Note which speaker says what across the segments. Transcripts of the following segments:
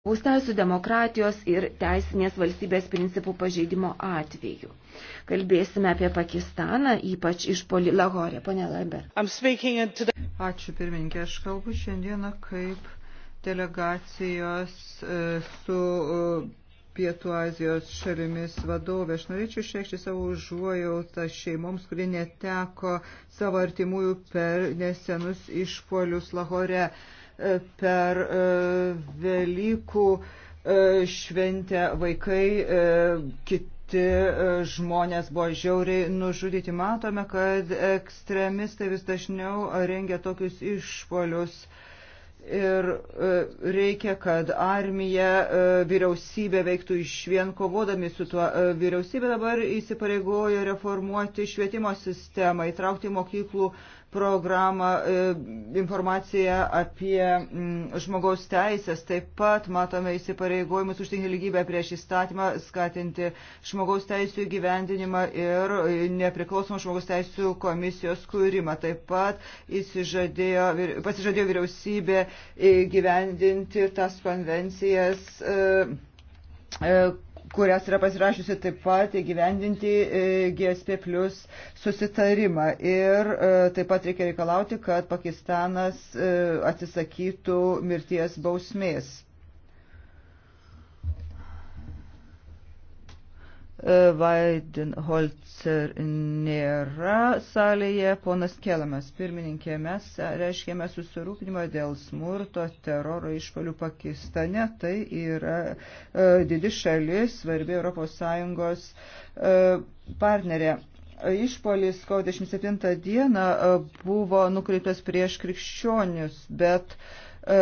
Speaker 1: žmogaus teisų, demokratijos ir teisinės valstybės principų pažeidimo atveju. Kalbėsime apie Pakistaną, ypač iš Polilahorė, ponė Lambert.
Speaker 2: Ačiū pirmininkė, aš kalbu šiandieną kaip delegacijos e, su e, Pietų Azijos šalimis vadovė. Aš norėčiau išreikšti savo užuojautą šeimoms, kurie neteko savo artimųjų per nesenus išpolius Lahore per e, Velykų e, šventę vaikai, e, kiti žmonės buvo žiauriai nužudyti. Matome, kad ekstremistai vis dažniau rengia tokius išpolius. Ir reikia, kad armija, vyriausybė veiktų iš vien kovodami su tuo. Vyriausybė dabar įsipareigojo reformuoti švietimo sistemą, įtraukti mokyklų programą, e, informaciją apie mm, žmogaus teisės. Taip pat matome įsipareigojimus užtikrinti lygybę prieš įstatymą, skatinti žmogaus teisų gyvendinimą ir e, nepriklausomą žmogaus teisų komisijos kūrimą. Taip pat pasižadėjo vyriausybė gyvendinti tas konvencijas e, kurias yra pasirašiusi taip pat įgyvendinti e, GSP plus susitarimą. Ir e, taip pat reikia reikalauti, kad Pakistanas e, atsisakytų mirties bausmės. Vaidenholzer e, nėra salėje, ponas Kelamas, pirmininkė, mes reiškėme susirūpinimą dėl smurto, teroro išpolių Pakistane, tai yra e, didi šalis, svarbi ES e, partnerė. Išpolis kovo 27 dieną e, buvo nukreiptas prieš krikščionius, bet e,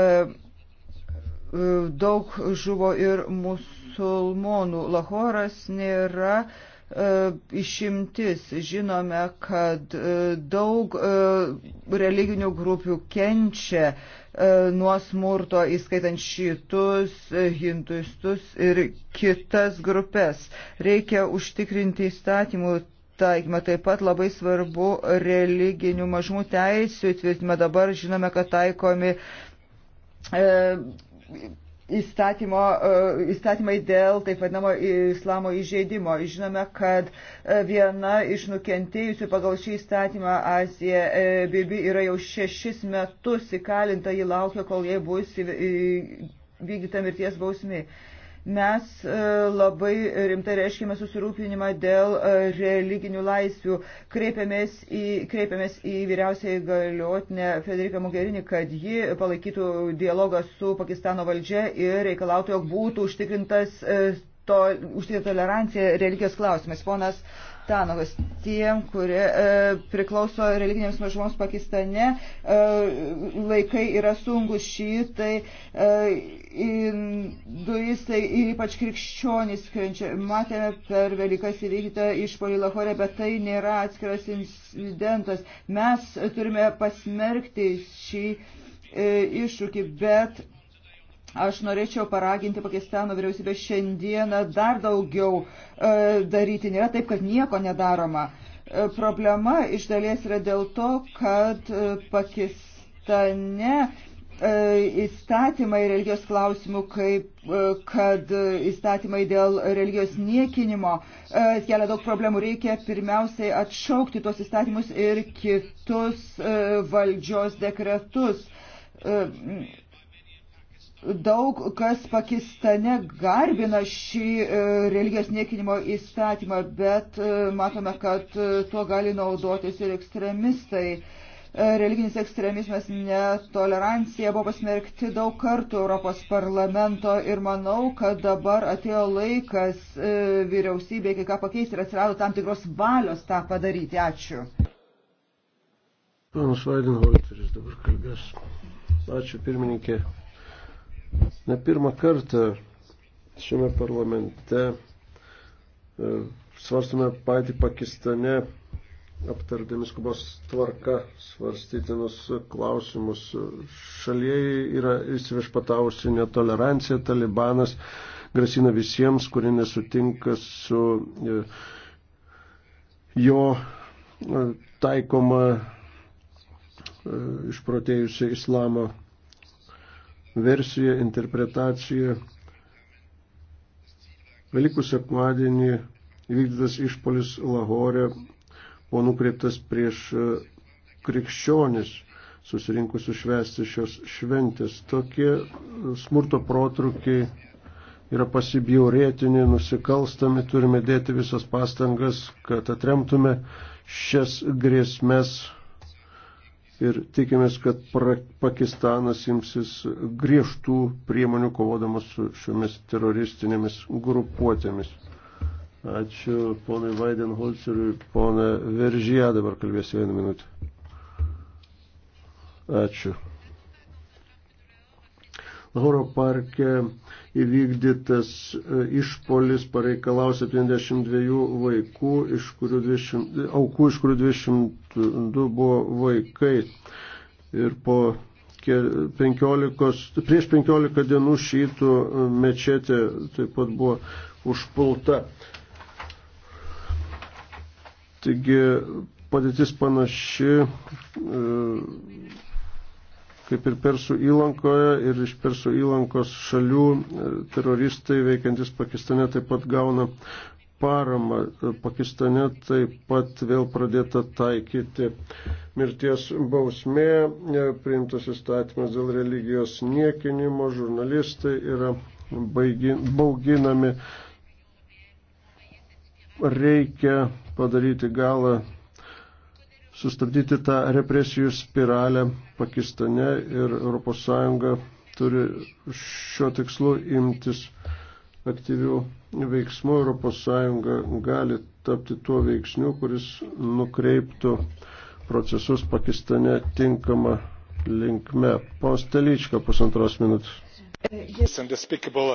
Speaker 2: E, daug žuvo ir musulmonų. Lahoras nėra e, išimtis. Žinome, kad e, daug religinių grupių kenčia nuo smurto, įskaitant šitus, hinduistus ir kitas grupės. Reikia užtikrinti įstatymų taikymą. Taip pat labai svarbu religinių mažumų teisų įtvirtinimą. Dabar žinome, kad taikomi įstatymo, e, įstatymai dėl taip vadinamo islamo įžeidimo. Žinome, kad e, viena iš nukentėjusių pagal šį įstatymą Azija e, Bibi yra jau šešis metus įkalinta, ji laukia, kol jai bus vykdyta mirties bausmė. Mes e, labai rimtai reiškime susirūpinimą dėl e, religinių laisvių. Kreipiamės į, kreipiamės į vyriausiai galiotinę Federiką Mogherini, kad ji palaikytų dialogą su Pakistano valdžia ir reikalautų, jog būtų užtikrintas e, to, užtikrinta tolerancija religijos klausimais. Ponas Tanogas. Tiem, kurie e, priklauso religinėms mažumoms Pakistane, e, laikai yra sunkus šitai, e, induistai ir ypač krikščionys kenčia. Matėme per Velykas įvykdytą išpolį Lahore, bet tai nėra atskiras incidentas. Mes turime pasmerkti šį e, iššūkį, bet Aš norėčiau paraginti Pakistano vyriausybę šiandieną dar daugiau e, daryti. Nėra taip, kad nieko nedaroma. E, problema iš dalies yra dėl to, kad e, Pakistane e, įstatymai religijos klausimų, kaip e, kad e, įstatymai dėl religijos niekinimo kelia daug problemų. Reikia pirmiausiai atšaukti tuos įstatymus ir kitus valdžios dekretus daug kas Pakistane garbina šį e, religijos niekinimo įstatymą, bet e, matome, kad e, tuo gali naudotis ir ekstremistai. Religinis ekstremizmas, netolerancija buvo pasmerkti daug kartų Europos parlamento ir manau, kad dabar atėjo laikas vyriausybė kai ką pakeisti ir atsirado tam tikros valios tą padaryti. Ačiū.
Speaker 3: Panas Vaidinholteris dabar kalbės. Ačiū pirmininkė. Ne pirmą kartą šiame parlamente e, svarstome patį Pakistane aptardami skubos tvarka svarstytinus klausimus. Šalyje yra įsiviešpatavusi netolerancija, talibanas grasina visiems, kurie nesutinka su e, jo e, taikoma išprotėjusia islamo versija, interpretacija. Velykų sekmadienį įvykdytas išpolis Lahore buvo nukreiptas prieš e, krikščionis susirinkusius švesti šios šventės. Tokie e, smurto protrukiai yra pasibjaurėtini, nusikalstami, turime dėti visas pastangas, kad atremtume šias grėsmes ir tikimės, kad Pakistanas imsis griežtų priemonių kovodamas su šiomis teroristinėmis grupuotėmis. Ačiū ponai Vaidenholceriui, pona Veržyje dabar kalbės vieną minutę. Ačiū. Horoparke įvykdytas e, išpolis pareikalau 72 vaikų, iš kurių 20, e, aukų, iš kurių 202 buvo vaikai. Ir po 15, prieš 15 dienų šytų e, mečetė taip pat buvo užpulta. Taigi padėtis panaši. E, kaip ir Persų įlankoje ir iš Persų įlankos šalių e, teroristai veikiantis Pakistane taip pat gauna paramą. E, Pakistane taip pat vėl pradėta taikyti mirties bausmė, e, priimtas įstatymas dėl religijos niekinimo, žurnalistai yra baigin, bauginami. Reikia padaryti galą sustabdyti tą represijų spiralę Pakistane ir ES turi šiuo tikslu imtis aktyvių veiksmų. ES gali tapti tuo veiksniu, kuris nukreiptų procesus Pakistane tinkamą linkme. Pons Teličko, pusantros minutės.
Speaker 1: Uh,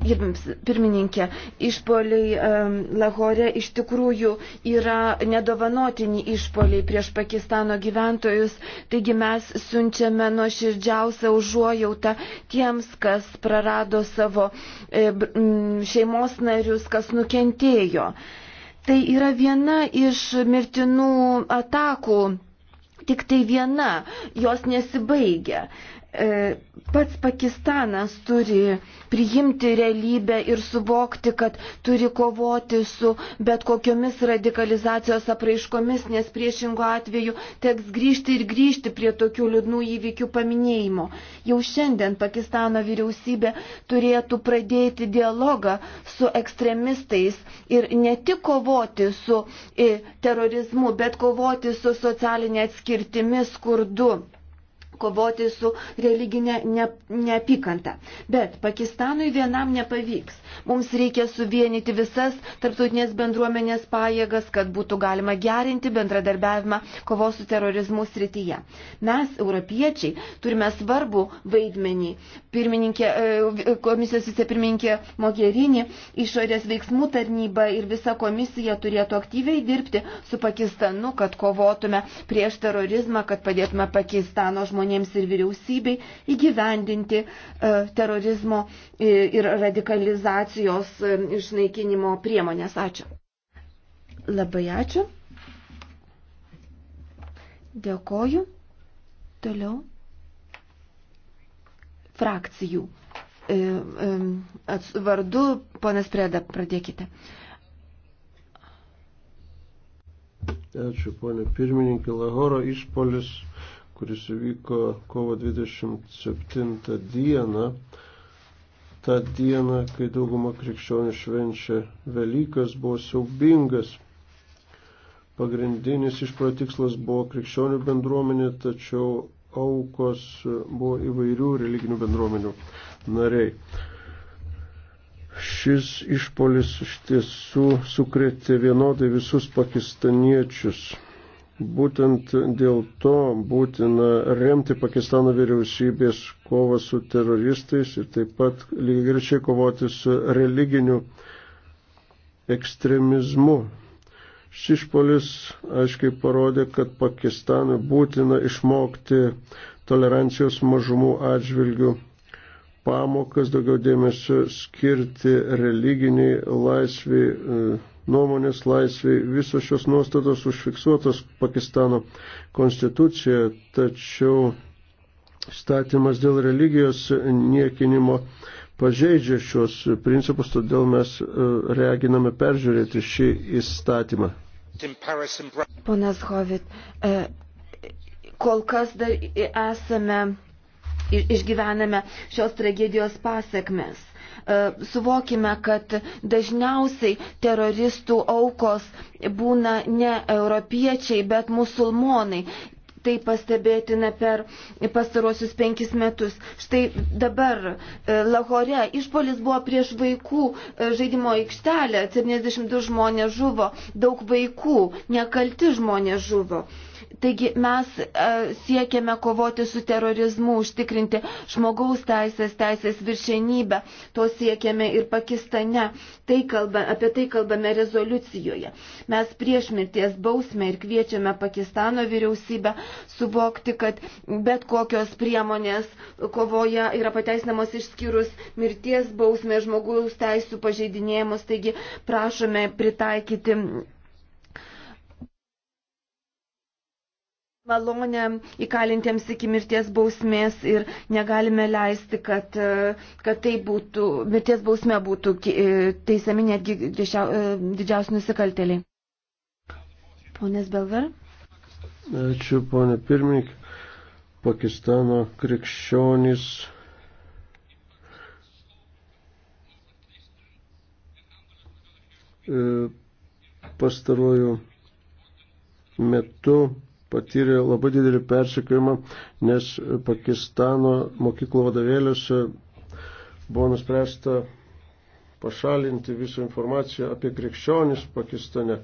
Speaker 1: Gerbiams pirmininkė, išpoliai um, Lahore iš tikrųjų yra nedovanotini išpoliai prieš Pakistano gyventojus, taigi mes siunčiame nuo širdžiausią užuojautą tiems, kas prarado savo e, šeimos narius, kas nukentėjo. Tai yra viena iš mirtinų atakų tik tai viena, jos nesibaigia. E, pats Pakistanas turi priimti realybę ir suvokti, kad turi kovoti su bet kokiomis radikalizacijos apraiškomis, nes priešingo atveju teks grįžti ir grįžti prie tokių liūdnų įvykių paminėjimo. Jau šiandien Pakistano vyriausybė turėtų pradėti dialogą su ekstremistais ir ne tik kovoti su e, terorizmu, bet kovoti su socialinė atskirtimi skurdu kovoti su religinė ne, neapykanta. Bet Pakistanui vienam nepavyks. Mums reikia suvienyti visas tarptautinės bendruomenės pajėgas, kad būtų galima gerinti bendradarbiavimą kovos su terorizmu srityje. Mes, europiečiai, turime svarbų vaidmenį. Pirmininkė, e, komisijos vicepirmininkė Mogherini, išorės veiksmų tarnyba ir visa komisija turėtų aktyviai dirbti su Pakistanu, kad kovotume prieš terorizmą, kad padėtume Pakistano žmonėms žmonėms ir vyriausybei įgyvendinti e, terorizmo e, ir radikalizacijos e, išnaikinimo priemonės. Ačiū. Labai ačiū. Dėkoju. Toliau. Frakcijų. Vardu, ponas Preda, pradėkite.
Speaker 3: Ačiū, ponė pirmininkė, Lahoro išpolis kuris įvyko kovo 27 dieną, tą dieną, kai dauguma krikščionių švenčia Velykas, buvo siaubingas. Pagrindinis išprojo tikslas buvo krikščionių bendruomenė, tačiau aukos buvo įvairių religinių bendruomenių nariai. Šis išpolis iš tiesų sukrėtė vienodai visus pakistaniečius. Būtent dėl to būtina remti Pakistano vyriausybės kovą su teroristais ir taip pat lygiai kovoti su religiniu ekstremizmu. Šis išpolis aiškiai parodė, kad Pakistanui būtina išmokti tolerancijos mažumų atžvilgių pamokas, daugiau dėmesio skirti religiniai laisviai e, nuomonės laisvė. Visos šios nuostatos užfiksuotos Pakistano konstitucijoje, tačiau statymas dėl religijos niekinimo pažeidžia šios principus, todėl mes e, reaginame peržiūrėti šį įstatymą.
Speaker 1: Ponas Hovit, e, kol kas dar esame, išgyvename šios tragedijos pasiekmes. E, suvokime, kad dažniausiai teroristų aukos būna ne europiečiai, bet musulmonai. Tai pastebėtina per pastarosius penkis metus. Štai dabar e, Lahore išpolis buvo prieš vaikų e, žaidimo aikštelę, 72 žmonės žuvo, daug vaikų, nekalti žmonės žuvo. Taigi mes e, siekiame kovoti su terorizmu, užtikrinti žmogaus teisės, teisės viršenybę. To siekiame ir Pakistane. Tai kalba, apie tai kalbame rezoliucijoje. Mes prieš mirties bausmę ir kviečiame Pakistano vyriausybę suvokti, kad bet kokios priemonės kovoje yra pateisinamos išskyrus mirties bausmę žmogaus teisų pažeidinėjimus. Taigi prašome pritaikyti malonę įkalintiems iki mirties bausmės ir negalime leisti, kad, e, kad tai būtų, mirties bausmė būtų e, teisami netgi e, didžiausi nusikaltėliai. Ponės Belver.
Speaker 3: Ačiū, ponė pirmininkė. Pakistano krikščionys pastaruoju metu patyrė labai didelį persikėjimą, nes Pakistano mokyklų vadovėliuose buvo nuspręsta pašalinti visą informaciją apie krikščionis Pakistane.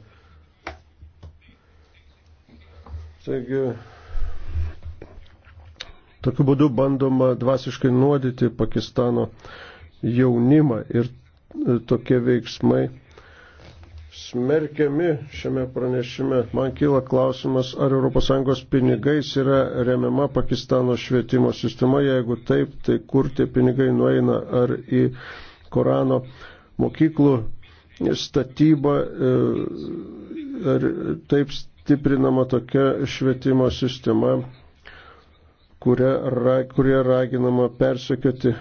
Speaker 3: Taigi, tokiu būdu bandoma dvasiškai nuodyti Pakistano jaunimą ir tokie veiksmai smerkiami šiame pranešime. Man kyla klausimas, ar ES pinigais yra remiama Pakistano švietimo sistema. Jeigu taip, tai kur tie pinigai nueina, ar į Korano mokyklų statybą, e, ar taip stiprinama tokia švietimo sistema, kuria, kurie raginama persekioti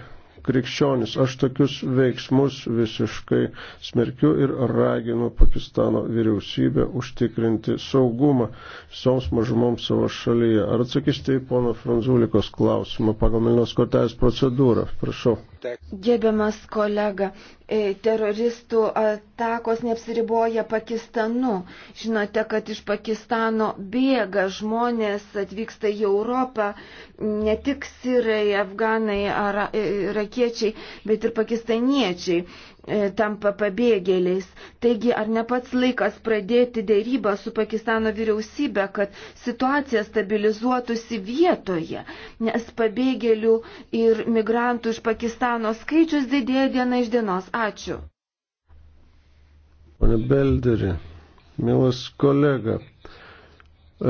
Speaker 3: krikščionis. Aš tokius veiksmus visiškai smerkiu ir raginu Pakistano vyriausybę užtikrinti saugumą visoms mažumoms savo šalyje. Ar atsakysite į pono Franzulikos klausimą pagal Milnos kortelės procedūrą? Prašau.
Speaker 1: Gerbiamas kolega, e, teroristų atakos neapsiriboja Pakistanu. Žinote, kad iš Pakistano bėga žmonės, atvyksta į Europą, ne tik sirai, afganai, ar, e, irakiečiai, bet ir pakistaniečiai. E, tampa pabėgėliais. Taigi, ar ne pats laikas pradėti dėrybą su Pakistano vyriausybė, kad situacija stabilizuotųsi vietoje, nes pabėgėlių ir migrantų iš Pakistano skaičius didėja diena iš dienos. Ačiū.
Speaker 3: Pane Belderi, mielas kolega,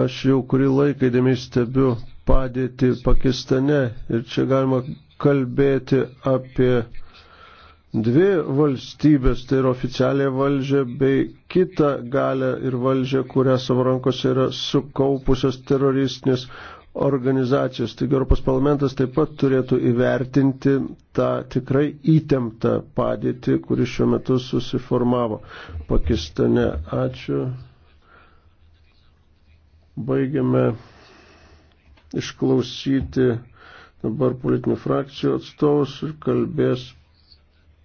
Speaker 3: aš jau kurį laiką įdėmiai stebiu padėti Pakistane ir čia galima kalbėti apie dvi valstybės, tai yra oficialią valdžią bei kitą galę ir valdžią, kurią savo rankose yra sukaupusios teroristinės organizacijos. Taigi Europos parlamentas taip pat turėtų įvertinti tą tikrai įtemptą padėtį, kuri šiuo metu susiformavo Pakistane. Ačiū. Baigiame išklausyti dabar politinių frakcijų atstovus ir kalbės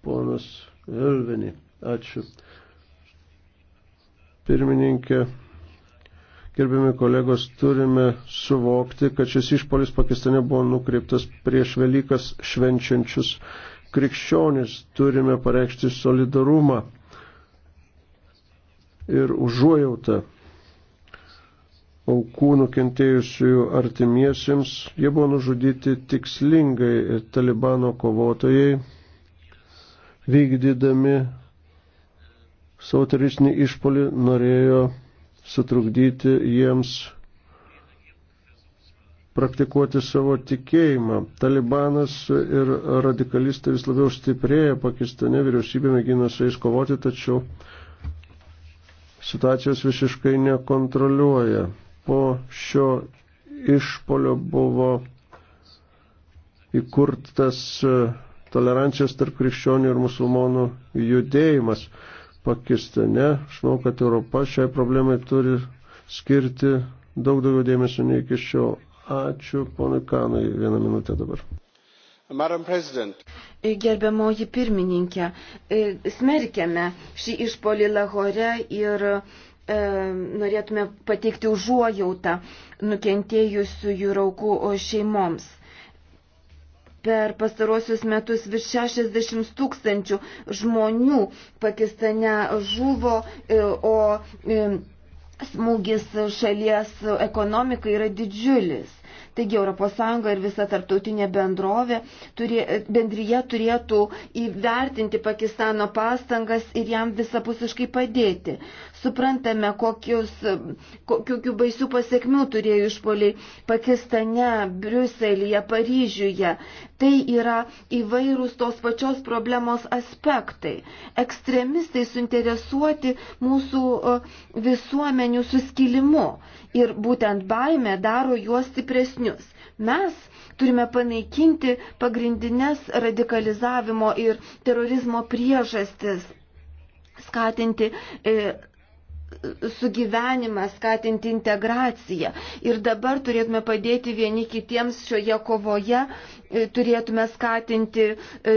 Speaker 3: ponas Elvenį. Ačiū. Pirmininkė, gerbiami kolegos, turime suvokti, kad šis išpolis Pakistane buvo nukreiptas prieš Velykas švenčiančius krikščionis. Turime pareikšti solidarumą ir užuojautą aukų nukentėjusiųjų artimiesiems. Jie buvo nužudyti tikslingai talibano kovotojai vykdydami savo teroristinį išpolį norėjo sutrukdyti jiems praktikuoti savo tikėjimą. Talibanas ir radikalistai vis labiau stiprėja Pakistane, vyriausybė mėgina su jais kovoti, tačiau situacijos visiškai nekontroliuoja. Po šio išpolio buvo įkurtas tolerancijos tarp krikščionių ir musulmonų judėjimas Pakistane. Aš manau, kad Europa šiai problemai turi skirti daug daugiau dėmesio nei iki šiol. Ačiū ponui Kanui. Vieną minutę dabar. E,
Speaker 1: gerbiamoji pirmininkė, e, smerkiame šį išpolį Lahore ir e, norėtume pateikti užuojautą nukentėjusių jų raukų šeimoms. Per pastarosius metus virš 60 tūkstančių žmonių Pakistane žuvo, e, o e, smūgis šalies ekonomikai yra didžiulis. Taigi ES ir visa tarptautinė bendrovė, turė, bendryje turėtų įvertinti Pakistano pastangas ir jam visapusiškai padėti. Suprantame, kokius, kokių baisių pasiekmių turėjo išpoliai Pakistane, Briuselėje, Paryžiuje. Tai yra įvairūs tos pačios problemos aspektai. Ekstremistai suinteresuoti mūsų visuomenių suskilimu ir būtent baime daro juos stipresnius stipresnius. Mes turime panaikinti pagrindinės radikalizavimo ir terorizmo priežastis, skatinti e, sugyvenimą, skatinti integraciją. Ir dabar turėtume padėti vieni kitiems šioje kovoje, e, turėtume skatinti e,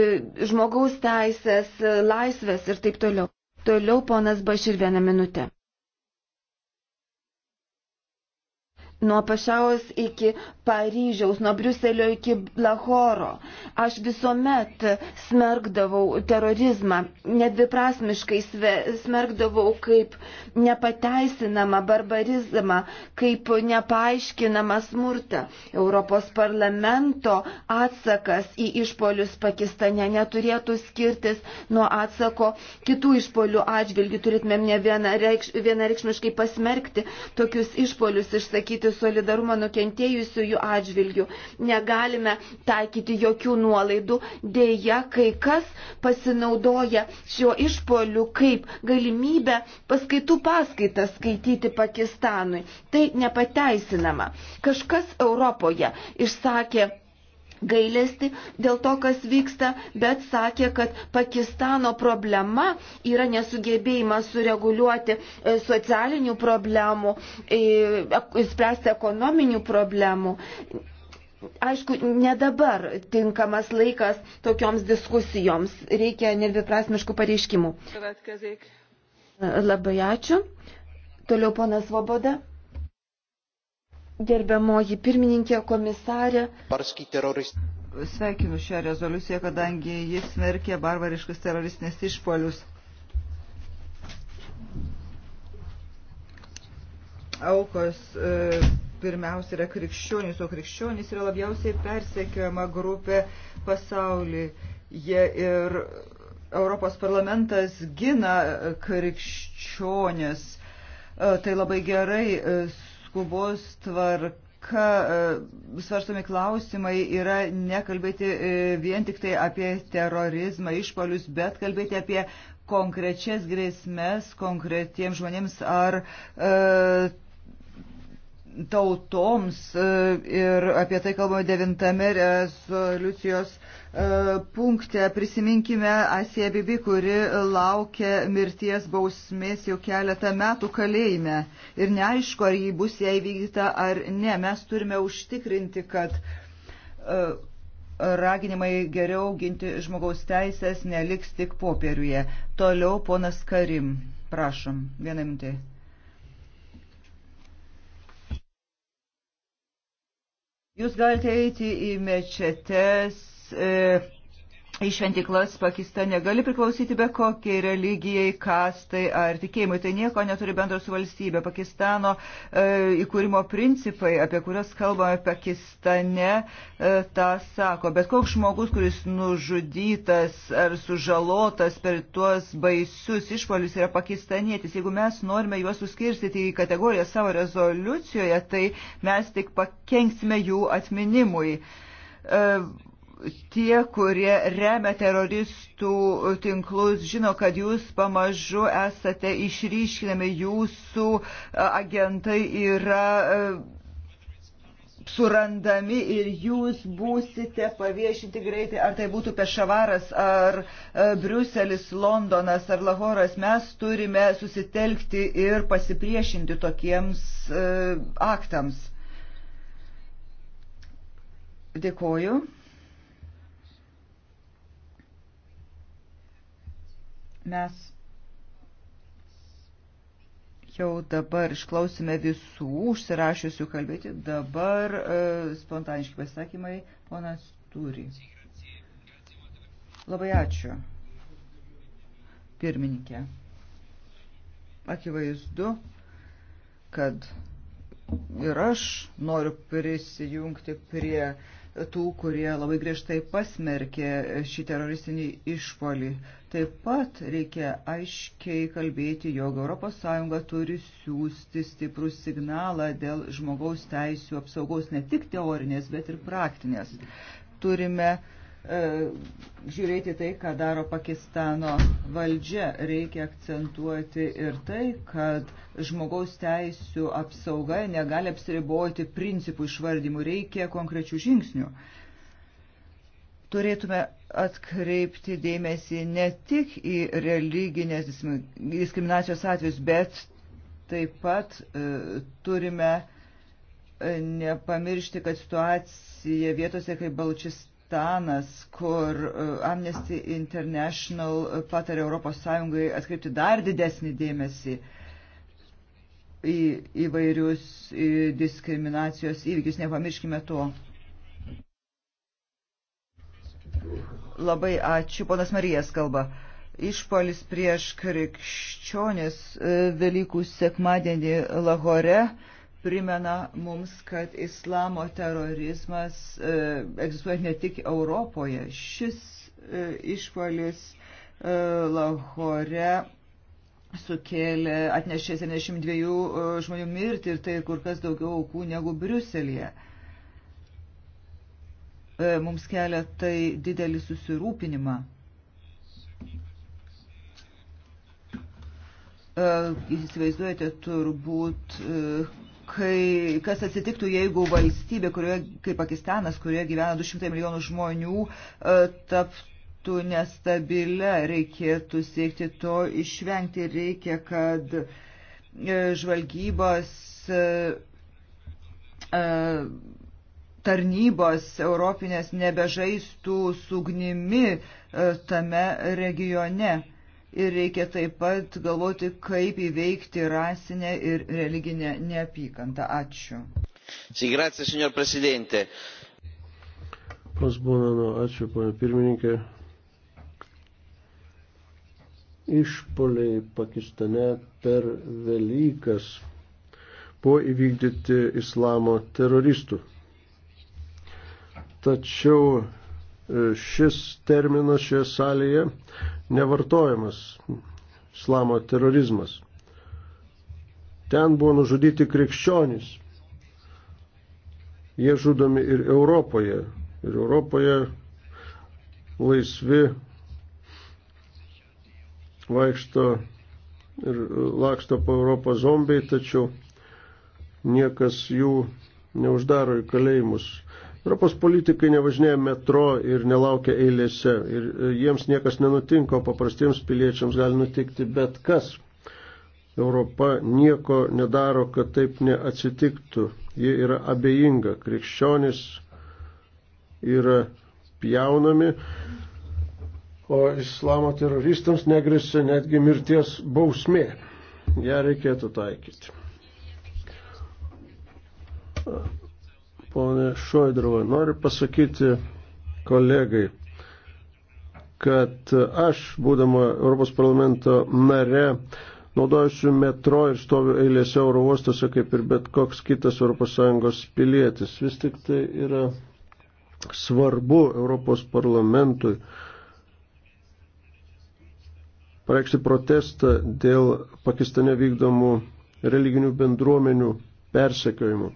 Speaker 1: žmogaus teisės, laisvės ir taip toliau. Toliau ponas Bašir vieną minutę. Nuo Pašaus iki Paryžiaus, nuo Briuselio iki Lahoro. Aš visuomet smerkdavau terorizmą, nedviprasmiškai smerkdavau kaip nepateisinamą barbarizmą, kaip nepaaiškinamą smurtą. Europos parlamento atsakas į išpolius Pakistane neturėtų skirtis nuo atsako kitų išpolių atžvilgių. Turėtumėm ne vienareikš, vienareikšmiškai pasmerkti tokius išpolius išsakyti parodyti solidarumą nukentėjusiųjų atžvilgių. Negalime taikyti jokių nuolaidų. Deja, kai kas pasinaudoja šiuo išpoliu kaip galimybę paskaitų paskaitą skaityti Pakistanui. Tai nepateisinama. Kažkas Europoje išsakė gailesti dėl to, kas vyksta, bet sakė, kad Pakistano problema yra nesugebėjimas sureguliuoti e, socialinių problemų, e, spręsti ekonominių problemų. Aišku, ne dabar tinkamas laikas tokioms diskusijoms. Reikia nedviprasmiškų pareiškimų. Labai ačiū. Toliau ponas Voboda. Gerbiamoji pirmininkė, komisarė.
Speaker 2: Sveikinu šią rezoliuciją, kadangi jis smerkė barbariškus teroristinės išpolius. Aukos e, pirmiausia yra krikščionys, o krikščionys yra labiausiai persekiojama grupė pasaulyje. Jie ir Europos parlamentas gina krikščionės. E, tai labai gerai e, skubos tvarka e, svarstomi klausimai yra nekalbėti e, vien tik tai apie terorizmą, išpolius, bet kalbėti apie konkrečias grėsmes konkretiems žmonėms ar e, tautoms e, ir apie tai kalbame devintame rezoliucijos e, punkte. Prisiminkime Asiją Bibi, kuri laukia mirties bausmės jau keletą metų kalėjime. Ir neaišku, ar jį bus jai vykdyta ar ne. Mes turime užtikrinti, kad e, raginimai geriau ginti žmogaus teisės neliks tik popieriuje. Toliau ponas Karim. Prašom, vieną minutę. Jūs galite eiti į mečetes. E, į šventiklas Pakistane gali priklausyti be kokiai religijai, kastai ar tikėjimui. Tai nieko neturi bendro su valstybė. Pakistano e, įkūrimo principai, apie kuriuos kalbame Pakistane, e, tą sako. Bet koks žmogus, kuris nužudytas ar sužalotas per tuos baisius išpolius yra pakistanietis. Jeigu mes norime juos suskirstyti į kategoriją savo rezoliucijoje, tai mes tik pakenksime jų atminimui. E, tie, kurie remia teroristų tinklus, žino, kad jūs pamažu esate išryškinami, jūsų e, agentai yra e, surandami ir jūs būsite paviešinti greitai, ar tai būtų Pešavaras, ar e, Briuselis, Londonas, ar Lahoras, mes turime susitelkti ir pasipriešinti tokiems aktams. Dėkoju. Mes jau dabar išklausime visų užsirašiusių kalbėti. Dabar e, spontaniški pasakymai, ponas Turi. Labai ačiū, pirmininkė. Akivaizdu, kad ir aš noriu prisijungti prie tų, kurie labai griežtai pasmerkė šį teroristinį išpolį. Taip pat reikia aiškiai kalbėti, jog ES turi siūsti stiprų signalą dėl žmogaus teisų apsaugos ne tik teorinės, bet ir praktinės. Turime uh, E, žiūrėti tai, ką daro Pakistano valdžia. Reikia akcentuoti ir tai, kad žmogaus teisų apsauga negali apsiriboti principų išvardymų. Reikia konkrečių žingsnių. Turėtume atkreipti dėmesį ne tik į religinės diskriminacijos atvejus, bet taip pat e, turime e, nepamiršti, kad situacija vietose kaip Balčis Pakistanas, kur e, Amnesty International patarė ES atkreipti dar didesnį dėmesį į įvairius į diskriminacijos įvykius. Nepamirškime to. Labai ačiū. Ponas Marijas kalba. Išpolis prieš krikščionis e, Velykų sekmadienį Lahore primena mums, kad islamo terorizmas e, egzistuoja ne tik Europoje. Šis e, išpolis e, Lahore sukėlė, atnešė 72 e, žmonių mirtį ir tai kur kas daugiau aukų negu Briuselėje. E, mums kelia tai didelį susirūpinimą. E, įsivaizduojate turbūt, kai, kas atsitiktų, jeigu valstybė, kurioje, kaip Pakistanas, kurioje gyvena 200 milijonų žmonių, e, taptų nestabilę, reikėtų siekti to išvengti, reikia, kad e, žvalgybos e, tarnybos europinės nebežaistų sugnimi tame regione ir reikia taip pat galvoti, kaip įveikti rasinę ir religinę neapykantą. Ačiū.
Speaker 3: Sì, grazie, signor Presidente. Pasbūnano, ačiū, ponia pirmininkė. Išpoliai Pakistane per Velykas buvo įvykdyti islamo teroristų. Tačiau e, šis terminas šioje salėje nevartojamas islamo terorizmas. Ten buvo nužudyti krikščionys. Jie žudomi ir Europoje. Ir Europoje laisvi vaikšto ir laksto po Europą zombiai, tačiau niekas jų neuždaro į kalėjimus. Europos politikai nevažinėja metro ir nelaukia eilėse ir e, jiems niekas nenutinka, paprastiems piliečiams gali nutikti bet kas. Europa nieko nedaro, kad taip neatsitiktų. Ji yra abejinga. Krikščionis yra pjaunami, o islamo teroristams negrėsia netgi mirties bausmė. Ja reikėtų taikyti. Pone Šoidrovai, noriu pasakyti kolegai, kad aš, būdama Europos parlamento nare, naudojusiu metro ir stoviu eilėse oro uostose, kaip ir bet koks kitas ES pilietis. Vis tik tai yra svarbu Europos parlamentui pareikšti protestą dėl Pakistane vykdomų religinių bendruomenių persekiojimų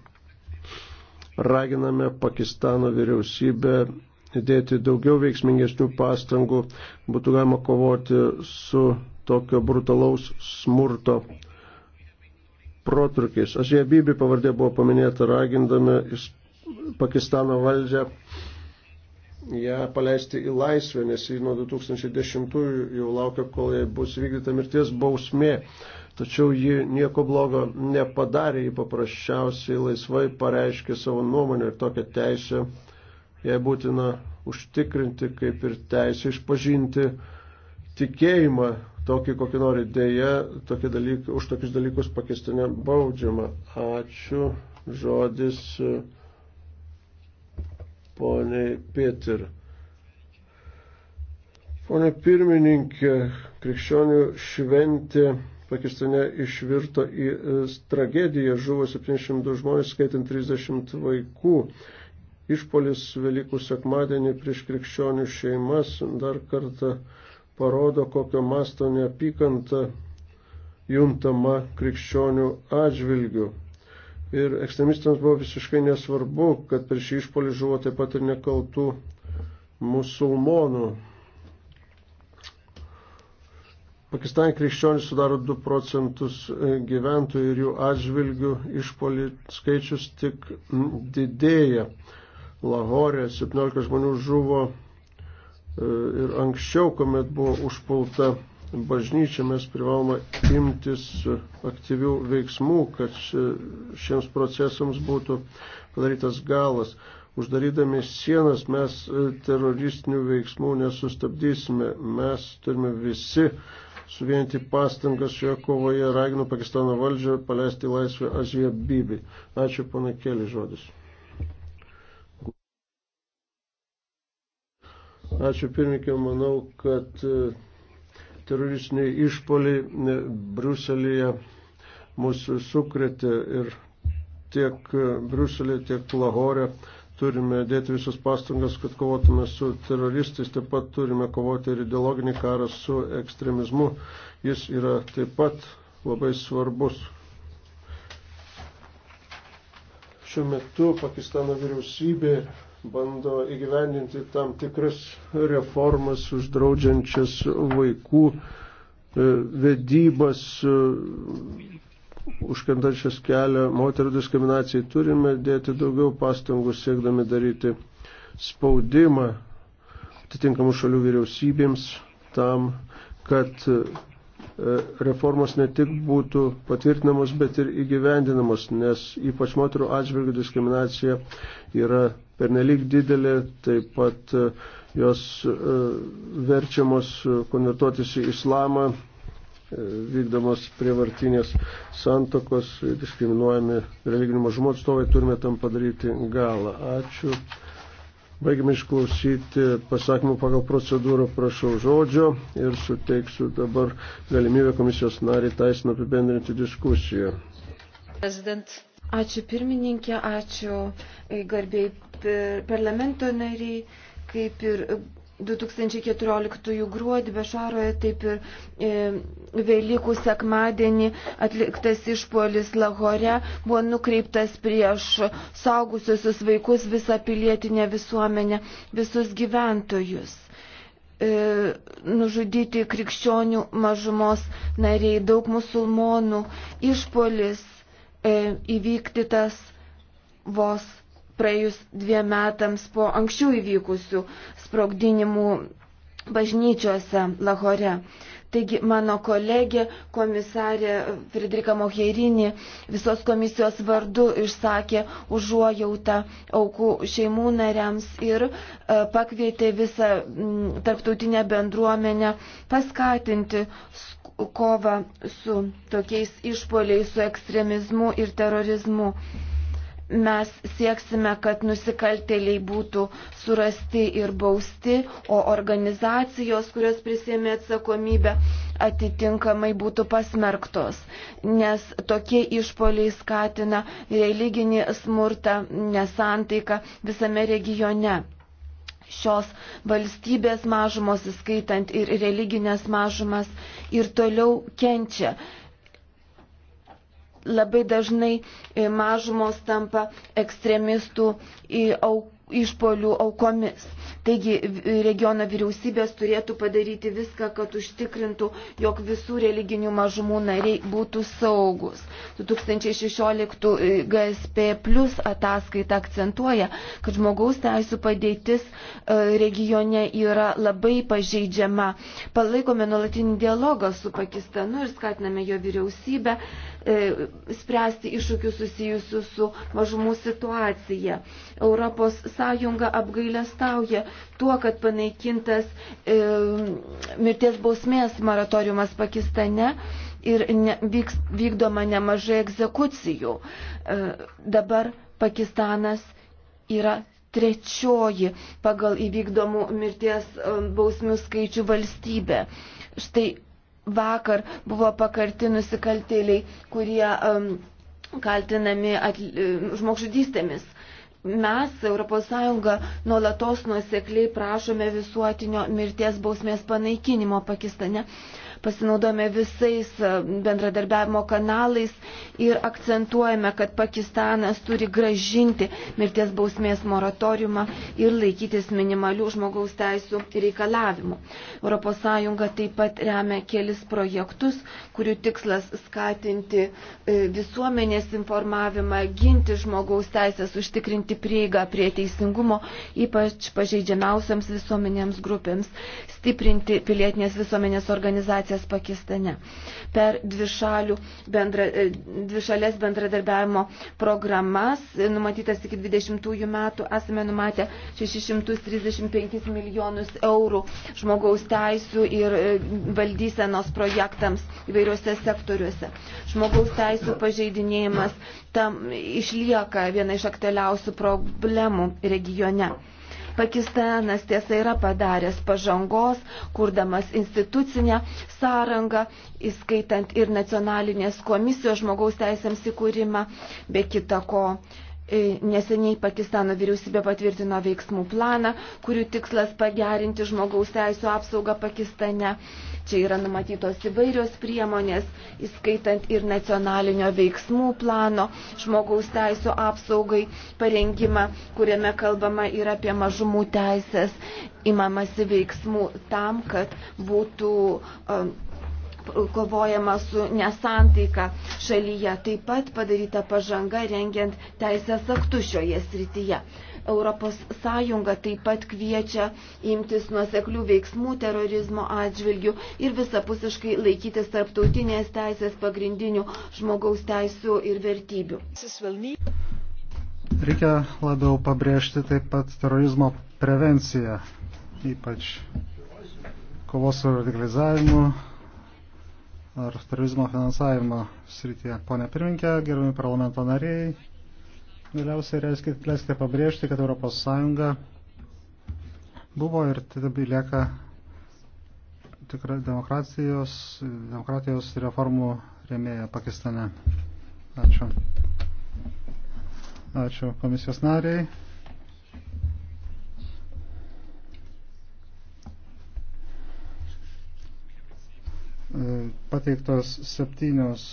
Speaker 3: raginame Pakistano vyriausybę dėti daugiau veiksmingesnių pastangų, būtų galima kovoti su tokio brutalaus smurto protrukiais. Aš jie Bibi pavardė buvo paminėta ragindami Pakistano valdžią ją paleisti į laisvę, nes ji nuo 2010 jau laukia, kol jai bus vykdyta mirties bausmė. Tačiau ji nieko blogo nepadarė, ji paprasčiausiai laisvai pareiškė savo nuomonę ir tokią teisę jai būtina užtikrinti, kaip ir teisę išpažinti tikėjimą, tokį kokį nori dėja, tokį dalyk, už tokius dalykus pakistane baudžiama. Ačiū. Žodis. Uh, poniai Pieter. Pone pirmininkė, krikščionių šventė Pakistane išvirto į e, tragediją, žuvo 72 žmonės, skaitant 30 vaikų. Išpolis Velykų sekmadienį prieš krikščionių šeimas dar kartą parodo, kokio masto neapykanta juntama krikščionių atžvilgių. Ir ekstremistams buvo visiškai nesvarbu, kad per šį išpolį žuvo taip pat ir nekaltų musulmonų. Pakistane krikščionys sudaro 2 procentus e, gyventojų ir jų atžvilgių išpolį skaičius tik didėja. Lahore 17 žmonių žuvo e, ir anksčiau, kuomet buvo užpulta bažnyčia mes privalome imtis aktyvių veiksmų, kad šiems procesams būtų padarytas galas. Uždarydami sienas mes e, teroristinių veiksmų nesustabdysime. Mes turime visi suvienyti pastangas šioje kovoje. Raginu Pakistano valdžią paleisti laisvę Aziją Bibi. Ačiū, pana Keli, žodis. Ačiū pirmininkė, manau, kad e, teroristiniai išpoliai e, Bruselėje mūsų sukretė ir tiek e, Bruselė, tiek Lahore turime dėti visus pastangas, kad kovotume su teroristais, taip pat turime kovoti ir ideologinį karą su ekstremizmu. Jis yra taip pat labai svarbus. Šiuo metu Pakistano vyriausybė bando įgyvendinti tam tikras reformas uždraudžiančias vaikų e, vedybas, e, užkandančias kelią moterų diskriminacijai. Turime dėti daugiau pastangų siekdami daryti spaudimą atitinkamų šalių vyriausybėms tam, kad e, reformos ne tik būtų patvirtinamos, bet ir įgyvendinamos, nes ypač moterų atžvilgių diskriminacija yra pernelik didelė, taip pat e, jos e, verčiamos e, konvertuotis į islamą, vykdomos prievartinės santokos, diskriminuojami religinių mažumų atstovai, turime tam padaryti galą. Ačiū. Baigime išklausyti pasakymų pagal procedūrą, prašau žodžio ir suteiksiu dabar galimybę komisijos nariai taisino apibendrinti diskusiją.
Speaker 1: President. Ačiū pirmininkė, ačiū e, garbiai parlamento nariai, kaip ir 2014 gruodį Bešaroje, taip ir e, Velykų sekmadienį atliktas išpuolis Lahore buvo nukreiptas prieš saugusiusius vaikus visą pilietinę visuomenę, visus gyventojus e, nužudyti krikščionių mažumos nariai, daug musulmonų, išpolis E, įvykdytas vos praėjus dviem metams po anksčiau įvykusių sprogdinimų bažnyčiose Lahore. Taigi mano kolegė, komisarė Frederika Moherini visos komisijos vardu išsakė užuojautą aukų šeimų nariams ir e, pakvietė visą tarptautinę bendruomenę paskatinti kovą su tokiais išpoliais, su ekstremizmu ir terorizmu mes sieksime, kad nusikaltėliai būtų surasti ir bausti, o organizacijos, kurios prisėmė atsakomybę, atitinkamai būtų pasmerktos, nes tokie išpoliai skatina religinį smurtą, nesantaiką visame regione. Šios valstybės mažumos, įskaitant ir religinės mažumas, ir toliau kenčia labai dažnai e, mažumos tampa ekstremistų išpolių aukomis. Taigi regiono vyriausybės turėtų padaryti viską, kad užtikrintų, jog visų religinių mažumų nariai būtų saugus. 2016 e, GSP plus ataskaita akcentuoja, kad žmogaus teisų padėtis e, regione yra labai pažeidžiama. Palaikome nuolatinį dialogą su Pakistanu ir skatiname jo vyriausybę E, spręsti iššūkius susijusius su mažumų situacija. Europos Sąjunga apgailestauja tuo, kad panaikintas e, mirties bausmės moratoriumas Pakistane ir ne, vyks, vykdoma nemažai egzekucijų. E, dabar Pakistanas yra trečioji pagal įvykdomų mirties e, bausmių skaičių valstybė. Štai vakar buvo pakarti nusikaltėliai, kurie um, kaltinami atli, um, žmogžudystėmis. Mes, ES, nuolatos nuosekliai prašome visuotinio mirties bausmės panaikinimo Pakistane. Uh, pasinaudojame visais e, bendradarbiavimo kanalais ir akcentuojame, kad Pakistanas turi gražinti mirties bausmės moratoriumą ir laikytis minimalių žmogaus teisų reikalavimų. ES taip pat remia kelis projektus, kurių tikslas skatinti e, visuomenės informavimą, ginti žmogaus teisės, užtikrinti prieigą prie teisingumo, ypač pažeidžiamiausiams visuomenėms grupėms, stiprinti pilietinės visuomenės organizacijas situacijas Pakistane. Per bendra, e, dvišalės bendradarbiavimo programas, e, numatytas iki 20 metų, esame numatę 635 milijonus eurų žmogaus teisų ir e, valdysenos projektams įvairiuose sektoriuose. Žmogaus teisų pažeidinėjimas tam išlieka viena iš aktualiausių problemų regione. Pakistanas tiesa yra padaręs pažangos, kurdamas institucinę sąrangą, įskaitant ir nacionalinės komisijos žmogaus teisėms įkūrimą, be kita ko. E, neseniai Pakistano vyriausybė patvirtino veiksmų planą, kurių tikslas pagerinti žmogaus teisų apsaugą Pakistane. Čia yra numatytos įvairios priemonės, įskaitant ir nacionalinio veiksmų plano, žmogaus teisų apsaugai parengimą, kuriame kalbama ir apie mažumų teisės, imamasi veiksmų tam, kad būtų um, kovojama su nesantaika šalyje. Taip pat padaryta pažanga rengiant teisės aktus šioje srityje. ES taip pat kviečia imtis nuoseklių veiksmų terorizmo atžvilgių ir visapusiškai laikytis tarptautinės teisės pagrindinių žmogaus teisų ir vertybių.
Speaker 3: Reikia labiau pabrėžti taip pat terorizmo prevenciją, ypač kovos su radikalizavimu ar terorizmo finansavimo srityje. Pone pirminkė, gerbimi parlamento nariai, Galiausiai leiskite pabrėžti, kad ES buvo ir lieka tikra demokratijos, demokratijos reformų rėmėja Pakistane. Ačiū. Ačiū komisijos nariai. E, pateiktos septynios